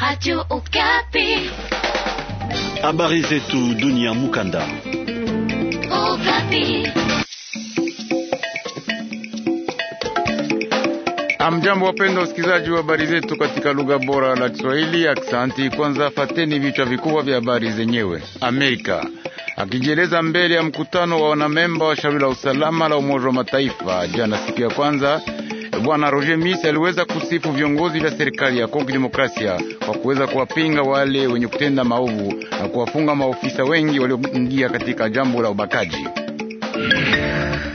Radio Okapi. Habari zetu dunia mukanda. Okapi. Amjambo, wapenda wasikilizaji wa habari zetu katika lugha bora la Kiswahili. Aksanti. Kwanza fateni vichwa vikubwa vya habari zenyewe. Amerika akijieleza mbele ya mkutano wa wanamemba wa shauri la usalama la Umoja wa Mataifa jana siku ya kwanza Bwana Roger Miss aliweza kusifu viongozi vya serikali ya Kongo Demokrasia kwa kuweza kuwapinga wale wenye kutenda maovu na kuwafunga maofisa wengi walioingia katika jambo la ubakaji.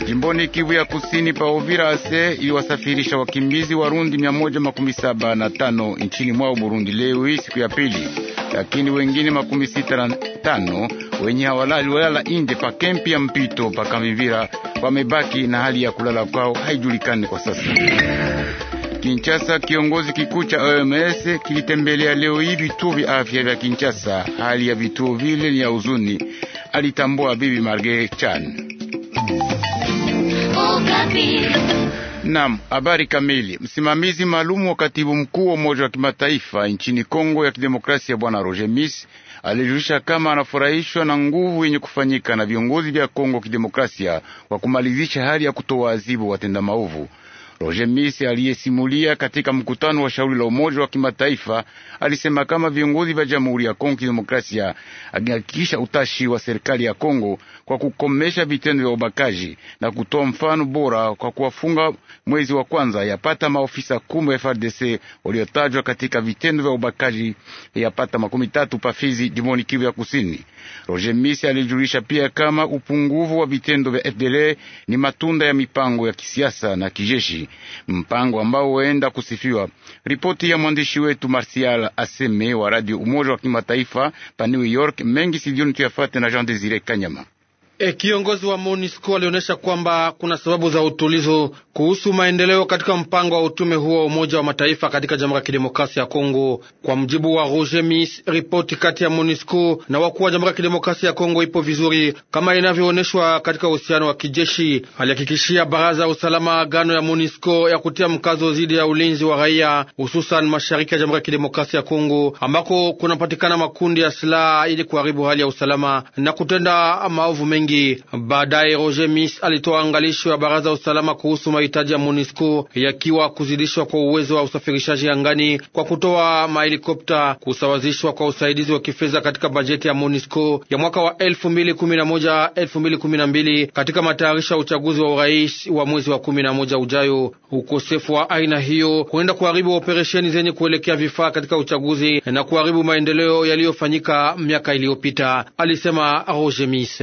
Jimboni Kivu ya Kusini pa Uvira ase iliwasafirisha wakimbizi Warundi mia tano nchini mwao Burundi leo hii siku ya pili, lakini wengine makumi sita na tano wenye walala nje pa kempi ya mpito pa Kamivira wamebaki na hali ya kulala kwao haijulikani kwa sasa. Kinshasa, kiongozi kikuu cha OMS kilitembelea leo hii vituo vya afya vya Kinshasa. Hali ya vituo vile ni ya huzuni, alitambua Bibi Marge Chan. Oh, Naam, habari kamili. Msimamizi maalumu wa katibu mkuu wa Umoja wa Kimataifa nchini Kongo ya Kidemokrasia, Bwana Roger Miss alijulisha kama anafurahishwa na nguvu yenye kufanyika na viongozi vya Kongo Kidemokrasia kwa kumalizisha hali ya kutowaadhibu watenda maovu. Roger Misi aliyesimulia katika mkutano wa shauri la Umoja wa Kimataifa alisema kama viongozi vya Jamhuri ya Kongo Kidemokrasia alihakikisha utashi wa serikali ya Kongo kwa kukomesha vitendo vya ubakaji na kutoa mfano bora kwa kuwafunga mwezi wa kwanza yapata maofisa kumi wa FRDC waliotajwa katika vitendo vya ubakaji yapata makumi tatu pafizi jimboni Kivu ya Kusini. Roger Misi alijulisha pia kama upungufu wa vitendo vya FDL ni matunda ya mipango ya kisiasa na kijeshi mpango ambao huenda kusifiwa. Ripoti ya mwandishi wetu Martial Aseme wa Radio Umoja wa Kimataifa pa New York. Mengi Sidioni tuyafate na Jean Desire Kanyama. E, kiongozi wa MONUSCO alionyesha kwamba kuna sababu za utulizo kuhusu maendeleo katika mpango wa utume huo wa Umoja wa Mataifa katika Jamhuri ya Kidemokrasia ya Kongo. Kwa mjibu wa Roger Miss, ripoti kati ya MONUSCO na wakuu wa Jamhuri ya Kidemokrasia ya Kongo ipo vizuri kama inavyoonyeshwa katika uhusiano wa kijeshi. Alihakikishia baraza ya usalama agano ya MONUSCO ya kutia mkazo dhidi ya ulinzi wa raia, hususan mashariki ya Jamhuri ya Kidemokrasia ya Kongo ambako kunapatikana makundi ya silaha ili kuharibu hali ya usalama na kutenda maovu mengi wengi. Baadaye Roger Miss alitoa angalisho ya baraza usalama kuhusu mahitaji ya MONUSCO yakiwa kuzidishwa kwa uwezo wa usafirishaji angani kwa kutoa mahelikopta, kusawazishwa kwa usaidizi wa kifedha katika bajeti ya MONUSCO ya mwaka wa 2011 2012 katika matayarisho ya uchaguzi wa urais wa mwezi wa 11 ujayo. Ukosefu wa aina hiyo huenda kuharibu operesheni zenye kuelekea vifaa katika uchaguzi na kuharibu maendeleo yaliyofanyika miaka iliyopita, alisema Roger Miss.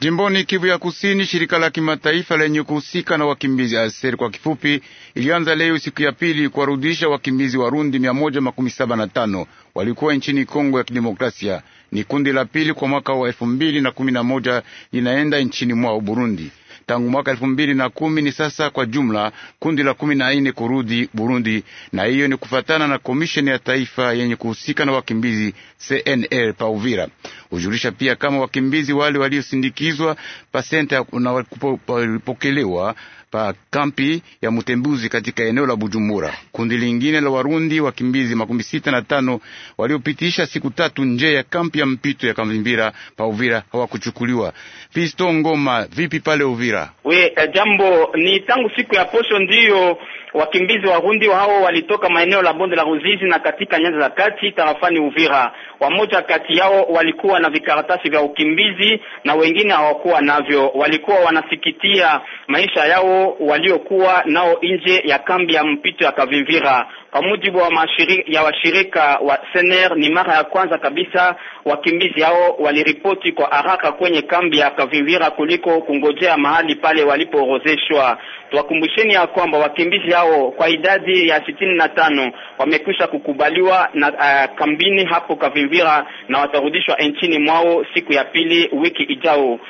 Jimboni Kivu ya Kusini, shirika la kimataifa lenye kuhusika na wakimbizi ASER kwa kifupi, ilianza leo siku ya pili kuwarudisha wakimbizi Warundi mia moja na tano walikuwa nchini Kongo ya Kidemokrasia. Ni kundi la pili kwa mwaka wa elfu mbili na kumi na moja linaenda nchini mwao Burundi tangu mwaka elfu mbili na kumi ni sasa kwa jumla kundi la kumi na nne kurudi Burundi, na hiyo ni kufatana na komisheni ya taifa yenye kuhusika na wakimbizi CNL pa Uvira. Hujulisha pia kama wakimbizi wale waliosindikizwa pasenta na walipokelewa pa kampi ya Mutembuzi katika eneo la Bujumbura. Kundi lingine la Warundi wakimbizi makumi sita na tano waliopitisha siku tatu nje ya kampi ya mpito ya Kamvimbira pa Uvira hawakuchukuliwa. Fisto Ngoma, vipi pale Uvira? We, eh, jambo ni tangu siku ya posho ndiyo Wakimbizi Warundi hao walitoka maeneo la bonde la Ruzizi na katika nyanja za kati tarafani Uvira. Wamoja kati yao walikuwa na vikaratasi vya ukimbizi na wengine hawakuwa navyo. Walikuwa wanasikitia maisha yao waliokuwa nao nje ya kambi ya mpito ya Kavimvira. Kwa mujibu wa mashirika, ya washirika wa Sener, ni mara ya kwanza kabisa wakimbizi hao waliripoti kwa haraka kwenye kambi ya Kavivira kuliko kungojea mahali pale walipoorozeshwa. Tuwakumbusheni ya kwamba wakimbizi hao kwa idadi ya sitini na tano wamekwisha kukubaliwa na uh, kambini hapo Kavivira na watarudishwa nchini mwao siku ya pili wiki ijao. Uh,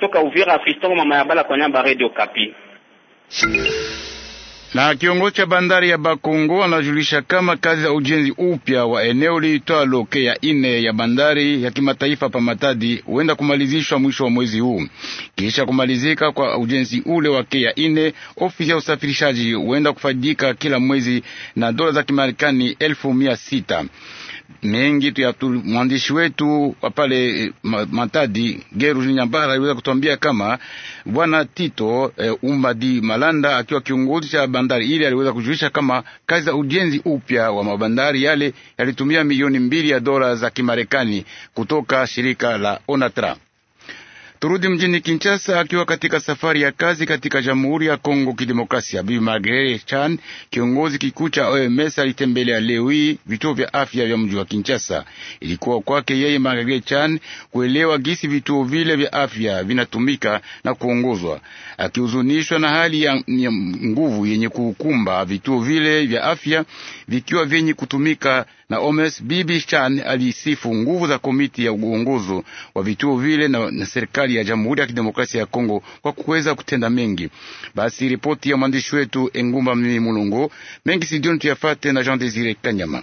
toka Uvira, Fiston mama ya bala kwa nyamba, Radio Kapi na kiongozi cha bandari ya Bakongo anajulisha kama kazi za ujenzi upya wa eneo liitwa ke ya ine ya bandari ya kimataifa pa Matadi huenda kumalizishwa mwisho wa mwezi huu. Kisha kumalizika kwa ujenzi ule wa ke ya ine, ofisi ya usafirishaji huenda kufaidika kila mwezi na dola za Kimarekani elfu mia sita mengi tu mwandishi wetu pale eh, Matadi Geru Nyambara aliweza kutuambia kama bwana Tito e, Umadi Malanda akiwa kiongozi cha bandari ile aliweza kujulisha kama kazi za ujenzi upya wa mabandari yale yalitumia milioni mbili ya dola za Kimarekani kutoka shirika la Onatra turudi mjini Kinshasa akiwa katika safari ya kazi katika Jamhuri ya Kongo Kidemokrasia. Bibi Margaret Chan, kiongozi kikuu cha OMS, alitembelea leo hii vituo vya afya vya mji wa Kinshasa. Ilikuwa kwake yeye Margaret Chan kuelewa gisi vituo vile vya afya vinatumika na kuongozwa, akihuzunishwa na hali ya, ya nguvu yenye kuukumba vituo vile vya afya vikiwa vyenye kutumika na Omes Bibi Chan alisifu nguvu za komiti ya uongozo wa vituo vile na, na serikali ya Jamhuri ya Kidemokrasia ya Kongo kwa kuweza kutenda mengi. Basi ripoti ya mwandishi wetu Engumba Mimi Mulongo mengi sidioni tuyafate na Jean Desire Kanyama.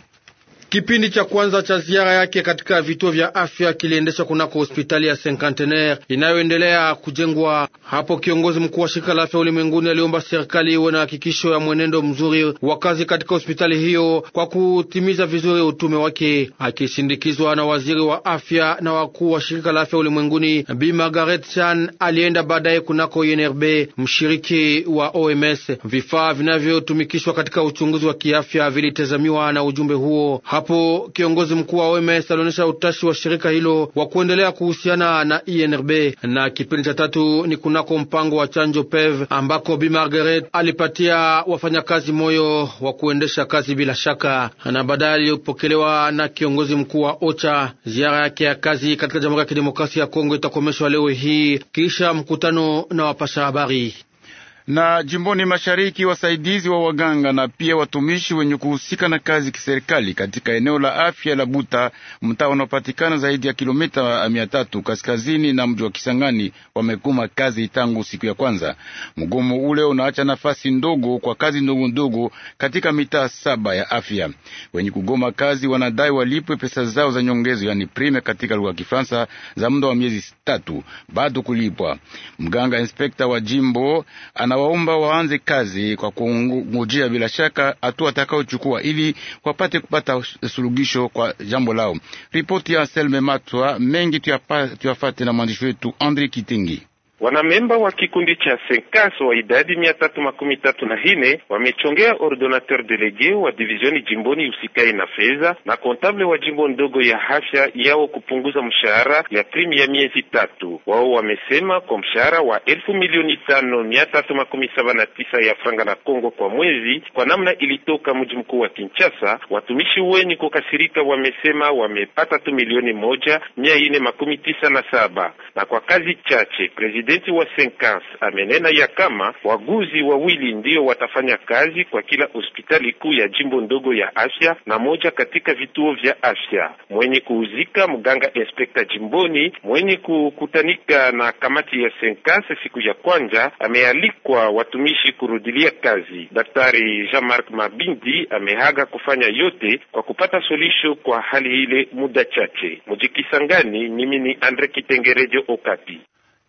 Kipindi cha kwanza cha ziara yake katika vituo vya afya kiliendeshwa kunako hospitali ya Cinquantenaire inayoendelea kujengwa hapo. Kiongozi mkuu wa shirika la afya ulimwenguni aliomba serikali iwe na hakikisho ya mwenendo mzuri wa kazi katika hospitali hiyo kwa kutimiza vizuri utume wake, akisindikizwa na waziri wa afya na wakuu wa shirika la afya ulimwenguni. Bi Margaret Chan alienda baadaye kunako UNRB, mshiriki wa OMS. Vifaa vinavyotumikishwa katika uchunguzi wa kiafya vilitazamiwa na ujumbe huo. Hapo kiongozi mkuu wa OMS alionyesha utashi wa shirika hilo wa kuendelea kuhusiana na INRB. Na kipindi cha tatu ni kunako mpango wa chanjo PEV ambako Bi Margaret alipatia wafanyakazi moyo wa kuendesha kazi bila shaka, na baadaye alipokelewa na kiongozi mkuu wa OCHA. Ziara yake ya kazi katika Jamhuri ya Kidemokrasia ya Kongo itakomeshwa leo hii kisha mkutano na wapasha habari na jimboni mashariki wasaidizi wa waganga na pia watumishi wenye kuhusika na kazi kiserikali katika eneo la afya la Buta, mtaa unaopatikana zaidi ya kilomita mia tatu kaskazini na mji wa Kisangani, wamekuma kazi tangu siku ya kwanza. Mgomo ule unaacha nafasi ndogo kwa kazi ndogo ndogo katika mitaa saba ya afya. Wenye kugoma kazi wanadai walipwe pesa zao za nyongezo, yani prime katika lugha ya Kifaransa, za muda wa miezi tatu, bado kulipwa. Mganga inspekta wa jimbo ana anawaomba waanze kazi kwa kungojea bila shaka hatua atakayochukua ili wapate kupata suluhisho kwa jambo lao. Ripoti ya Selme Matwa mengi tuyafate na mwandishi wetu Andre Kitingi. Wanamemba wa kikundi cha Senkaso wa idadi mia tatu makumi tatu na nne wamechongea ordonateur delege wa divisioni jimboni usikai na fedha na kontable wa jimbo ndogo ya afya yao kupunguza mshahara ya primi ya miezi tatu. Wao wamesema kwa mshahara wa elfu milioni tano mia tatu makumi saba na tisa ya franga na Kongo kwa mwezi, kwa namna ilitoka mji mkuu wa Kinshasa, watumishi wenye kukasirika wamesema wamepata tu milioni moja mia nne makumi tisa na saba na kwa kazi chache. President presidenti wa Senkans amenena ya kama waguzi wawili ndio watafanya kazi kwa kila hospitali kuu ya jimbo ndogo ya afya na moja katika vituo vya afya. Mwenye kuhuzika mganga inspekta jimboni mwenye kukutanika na kamati ya Senkans siku ya kwanza amealikwa watumishi kurudilia kazi. Daktari Jean-Marc Mabindi amehaga kufanya yote kwa kupata solisho kwa hali ile muda chache. Mujikisangani, mimi ni Andre Kitengerejo Okapi.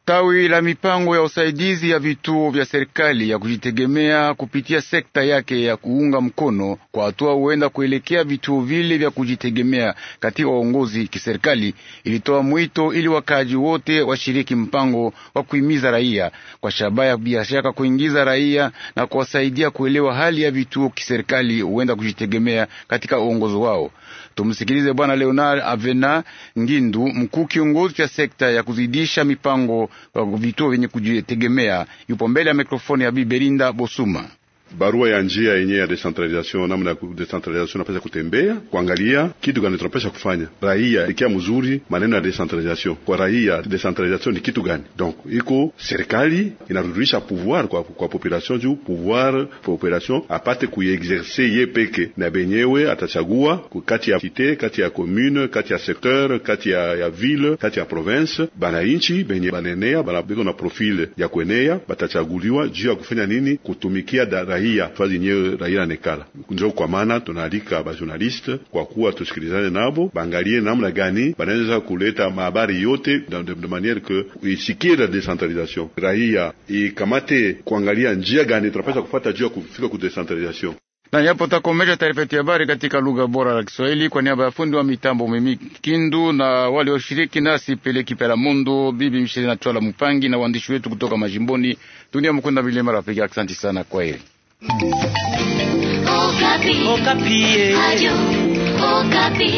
Tawi la mipango ya usaidizi ya vituo vya serikali ya kujitegemea kupitia sekta yake ya kuunga mkono kwa hatua huenda kuelekea vituo vile vya kujitegemea katika uongozi kiserikali ilitoa mwito ili wakaji wote washiriki mpango wa kuhimiza raia kwa shabaha ya biashara kuingiza raia na kuwasaidia kuelewa hali ya vituo kiserikali huenda kujitegemea katika uongozi wao. Tumsikilize Bwana Leonard Avena Ngindu, mkuu kiongozi cha sekta ya kuzidisha mipango kwa vituo vyenye kujitegemea. Yupo mbele ya mikrofoni ya Bibelinda Bosuma barua ya njia yenyewe ya decentralization, namna ya decentralization napesa kutembea kuangalia kitu gani tunapesha kufanya raia ikia mzuri maneno ya decentralization kwa raia. Decentralization ni kitu gani? Donc iko serikali inarudisha pouvoir kwa, kwa population juu pouvoir population apate kuiexerce ye peke na benyewe, atachagua kati ya cité, kati ya commune, kati ya secteur, kati ya, ya ville, kati ya province. inchi benye banenea biko na profile ya kuenea batachaguliwa juu ya kufanya nini, kutumikia da raia fazi nyewe raia nekala njo kwa maana tunaalika bajournaliste kwa kuwa tusikilizane nabo, bangalie namna gani banaweza kuleta mahabari yote de, de, de maniere ke isikie la decentralisation, raia ikamate kuangalia njia gani tunapaswa kufuata juu ya kufika ku decentralisation. Na yapo takomesha taarifa ya habari katika lugha bora la Kiswahili kwa niaba ya fundi wa mitambo Mimi Kindu na wale washiriki nasi Peleki Pela Mundu, Bibi na Twala mpangi na waandishi wetu kutoka majimboni Dunia Mkunda Vilema Rafiki. Asante sana, kwa kwaheri. Okapi. Okapi.